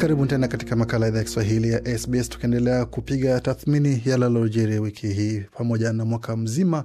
Karibu tena katika makala idhaa ya Kiswahili ya SBS, tukiendelea kupiga tathmini yaliyojiri wiki hii pamoja na mwaka mzima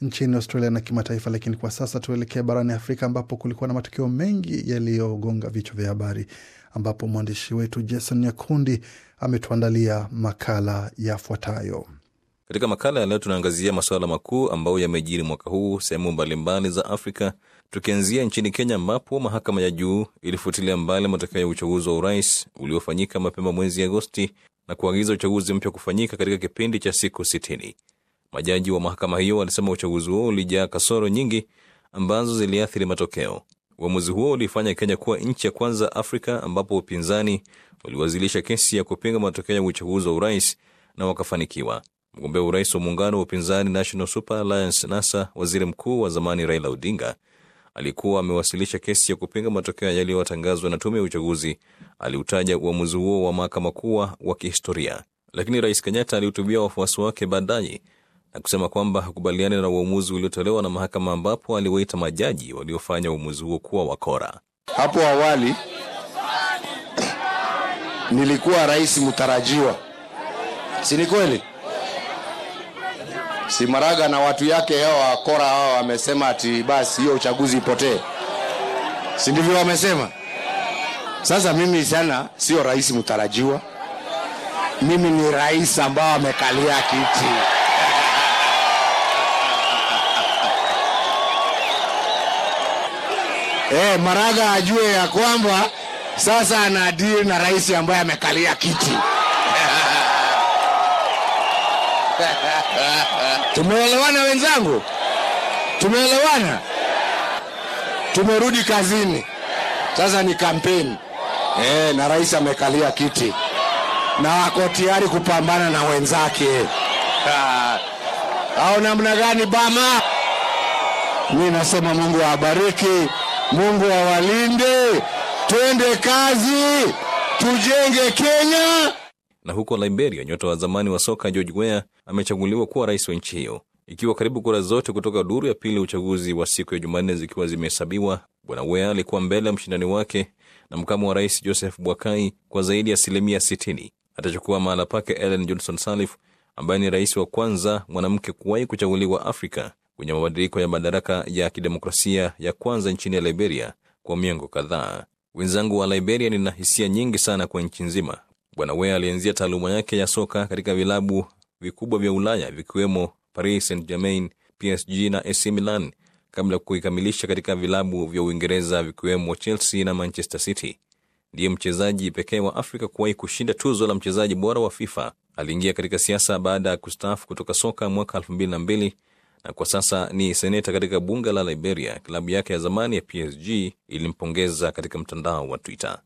nchini Australia na kimataifa. Lakini kwa sasa tuelekee barani Afrika ambapo kulikuwa na matukio mengi yaliyogonga vichwa vya habari, ambapo mwandishi wetu Jason Nyakundi ametuandalia makala yafuatayo. Katika makala ya leo tunaangazia masuala makuu ambayo yamejiri mwaka huu sehemu mbalimbali za Afrika, tukianzia nchini Kenya ambapo mahakama ya juu ilifutilia mbali matokeo ya uchaguzi wa urais uliofanyika mapema mwezi Agosti na kuagiza uchaguzi mpya kufanyika katika kipindi cha siku sitini. Majaji wa mahakama hiyo walisema uchaguzi huo ulijaa kasoro nyingi ambazo ziliathiri matokeo. Uamuzi huo ulifanya Kenya kuwa nchi ya kwanza Afrika ambapo upinzani waliwazilisha kesi ya kupinga matokeo ya uchaguzi wa urais na wakafanikiwa. Mgombea wa urais wa muungano wa upinzani National Super Alliance NASA, waziri mkuu wa zamani Raila Odinga alikuwa amewasilisha kesi ya kupinga matokeo yaliyotangazwa na tume ya uchaguzi. Aliutaja uamuzi huo wa mahakama kuwa wa kihistoria, lakini rais Kenyatta alihutubia wafuasi wake baadaye na kusema kwamba hakubaliani na uamuzi uliotolewa na mahakama, ambapo aliwaita majaji waliofanya uamuzi huo kuwa wakora. Hapo awali nilikuwa rais mtarajiwa, si ni kweli? Simaraga na watu yake hao wakora hao wamesema ati basi hiyo uchaguzi ipotee, si ndivyo wamesema? Sasa mimi sana sio rais mtarajiwa, mimi ni rais ambao amekalia kiti Eh, Maraga ajue ya kwamba sasa ana deal na rais ambaye amekalia kiti Tumeelewana wenzangu? Tumeelewana, tumerudi kazini. Sasa ni kampeni e, na rais amekalia kiti na ako tayari kupambana na wenzake ah, Au namna gani bama? Mi nasema Mungu awabariki, Mungu awalinde, twende kazi, tujenge Kenya. Na huko Liberia, nyota wa zamani wa soka George Weah amechaguliwa kuwa rais wa nchi hiyo, ikiwa karibu kura zote kutoka duru ya pili uchaguzi wa siku ya Jumanne zikiwa zimehesabiwa. Bwana wea alikuwa mbele ya mshindani wake na mkamu wa rais Joseph Bwakai kwa zaidi ya asilimia 60. Atachukua mahala pake Ellen Johnson salif ambaye ni rais wa kwanza mwanamke kuwahi kuchaguliwa Afrika kwenye mabadiliko ya madaraka ya kidemokrasia ya kwanza nchini ya Liberia kwa miongo kadhaa. Wenzangu wa Liberia, nina hisia nyingi sana kwa nchi nzima. Bwana wea alianzia taaluma yake ya soka katika vilabu vikubwa vya Ulaya vikiwemo Paris Saint-Germain, PSG na AC Milan kabla ya kuikamilisha katika vilabu vya Uingereza vikiwemo Chelsea na Manchester City. Ndiye mchezaji pekee wa Afrika kuwahi kushinda tuzo la mchezaji bora wa FIFA. Aliingia katika siasa baada ya kustaafu kutoka soka mwaka 2002 na kwa sasa ni seneta katika bunge la Liberia. Klabu yake ya zamani ya PSG ilimpongeza katika mtandao wa Twitter.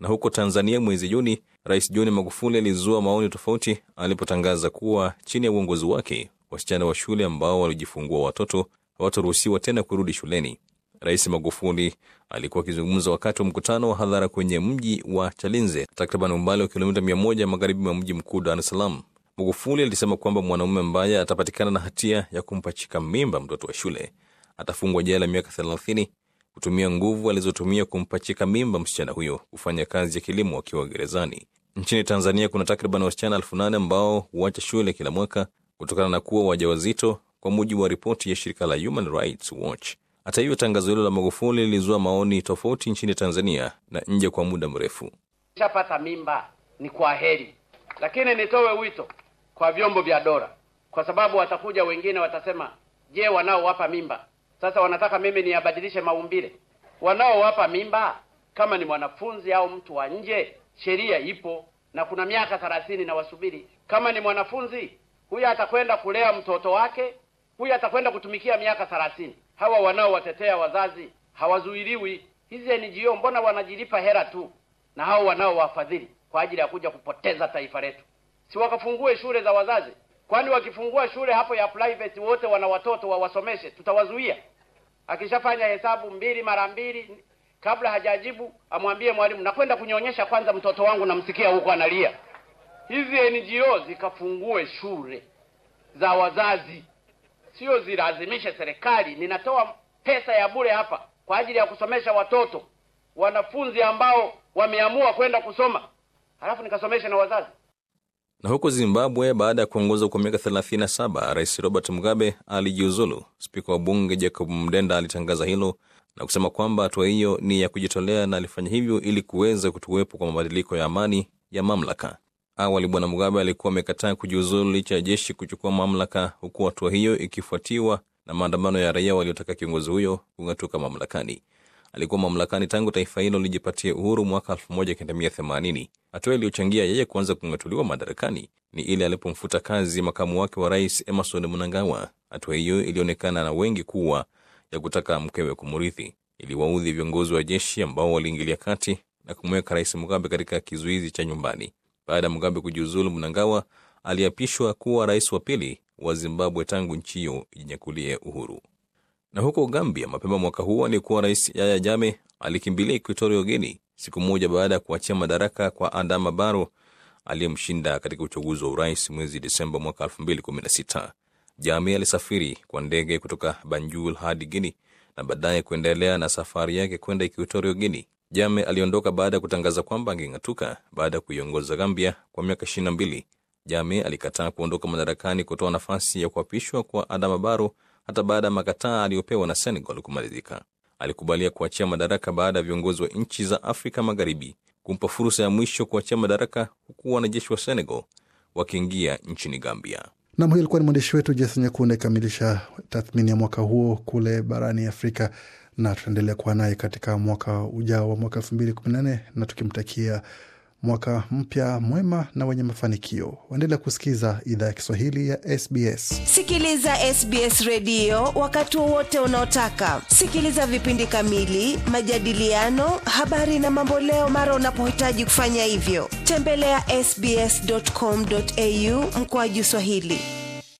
Na huko Tanzania, mwezi Juni, Rais John Magufuli alizua maoni tofauti alipotangaza kuwa chini ya uongozi wake wasichana wa shule ambao walijifungua watoto hawataruhusiwa tena kurudi shuleni. Rais Magufuli alikuwa akizungumza wakati wa mkutano wa hadhara kwenye mji wa Chalinze, takriban umbali wa kilomita 1 moja magharibi mwa mji mkuu Dar es Salaam. Magufuli alisema kwamba mwanaume ambaye atapatikana na hatia ya kumpachika mimba mtoto wa shule atafungwa jela miaka 30 kutumia nguvu alizotumia kumpachika mimba msichana huyo kufanya kazi ya kilimo akiwa gerezani. Nchini Tanzania kuna takriban wasichana elfu nane ambao huacha shule kila mwaka kutokana na kuwa wajawazito, kwa mujibu wa ripoti ya shirika la Human Rights Watch. Hata hivyo, tangazo hilo la Magufuli lilizua maoni tofauti nchini Tanzania na nje kwa muda mrefu. Shapata mimba ni kwa heri, lakini nitowe wito kwa vyombo vya dora kwa sababu watakuja wengine watasema, je, wanaowapa mimba sasa wanataka mimi niyabadilishe maumbile. Wanaowapa mimba kama ni mwanafunzi au mtu wa nje, sheria ipo na kuna miaka thelathini na wasubiri. Kama ni mwanafunzi huyu atakwenda kulea mtoto wake, huyu atakwenda kutumikia miaka thelathini. Hawa wanaowatetea wazazi hawazuiliwi. Hizi jio mbona wanajilipa hela tu na hao wanaowafadhili kwa ajili ya kuja kupoteza taifa letu? Si wakafungue shule za wazazi? Kwani wakifungua shule hapo ya private wote wana watoto wawasomeshe, tutawazuia? Akishafanya hesabu mbili mara mbili, kabla hajajibu amwambie mwalimu, nakwenda kunyonyesha kwanza, mtoto wangu namsikia huko analia. Hizi NGO zikafungue shule za wazazi, sio zilazimishe serikali. Ninatoa pesa ya bure hapa kwa ajili ya kusomesha watoto, wanafunzi ambao wameamua kwenda kusoma, halafu nikasomesha na wazazi. Na huko Zimbabwe, baada ya kuongoza kwa miaka 37, Rais Robert Mugabe alijiuzulu. Spika wa bunge Jacob Mdenda alitangaza hilo na kusema kwamba hatua hiyo ni ya kujitolea na alifanya hivyo ili kuweza kutuwepo kwa mabadiliko ya amani ya mamlaka. Awali Bwana Mugabe alikuwa amekataa kujiuzulu licha ya jeshi kuchukua mamlaka, huku hatua hiyo ikifuatiwa na maandamano ya raia waliotaka kiongozi huyo kung'atuka mamlakani alikuwa mamlakani tangu taifa hilo lijipatia uhuru mwaka 1980. Hatua iliyochangia yeye kuanza kung'atuliwa madarakani ni ile alipomfuta kazi makamu wake wa rais Emerson Mnangagwa. Hatua hiyo ilionekana na wengi kuwa ya kutaka mkewe kumrithi. Iliwaudhi viongozi wa jeshi ambao waliingilia kati na kumweka rais Mugabe katika kizuizi cha nyumbani. Baada ya Mugabe kujiuzulu, Mnangagwa aliapishwa kuwa rais wa pili wa Zimbabwe tangu nchi hiyo ijinyakulie uhuru. Na huko Gambia mapema mwaka huu aliyekuwa rais Yaya jame alikimbilia Equatorial Guinea siku moja baada ya kuachia madaraka kwa Adama baro aliyemshinda katika uchaguzi wa urais mwezi Desemba mwaka 2016. jame alisafiri kwa ndege kutoka Banjul hadi Guinea na baadaye kuendelea na safari yake kwenda Equatorial Guinea. jame aliondoka baada ya kutangaza kwamba angeng'atuka baada ya kuiongoza Gambia kwa miaka 22. jame alikataa kuondoka madarakani kutoa nafasi ya kuapishwa kwa Adama baro hata baada ya makataa aliyopewa na Senegal kumalizika. Alikubalia kuachia madaraka baada ya viongozi wa nchi za Afrika Magharibi kumpa fursa ya mwisho kuachia madaraka, huku wanajeshi wa Senegal wakiingia nchini Gambia. Nam, huyo alikuwa ni mwandishi wetu Jason Nyakunde akamilisha tathmini ya mwaka huo kule barani Afrika, na tutaendelea kuwa naye katika mwaka ujao wa mwaka elfu mbili kumi na nne na tukimtakia mwaka mpya mwema na wenye mafanikio. Waendelea kusikiza idhaa ya Kiswahili ya SBS. Sikiliza SBS redio wakati wowote unaotaka. Sikiliza vipindi kamili, majadiliano, habari na mamboleo mara unapohitaji kufanya hivyo. Tembelea ya sbs.com.au mkoaji Swahili.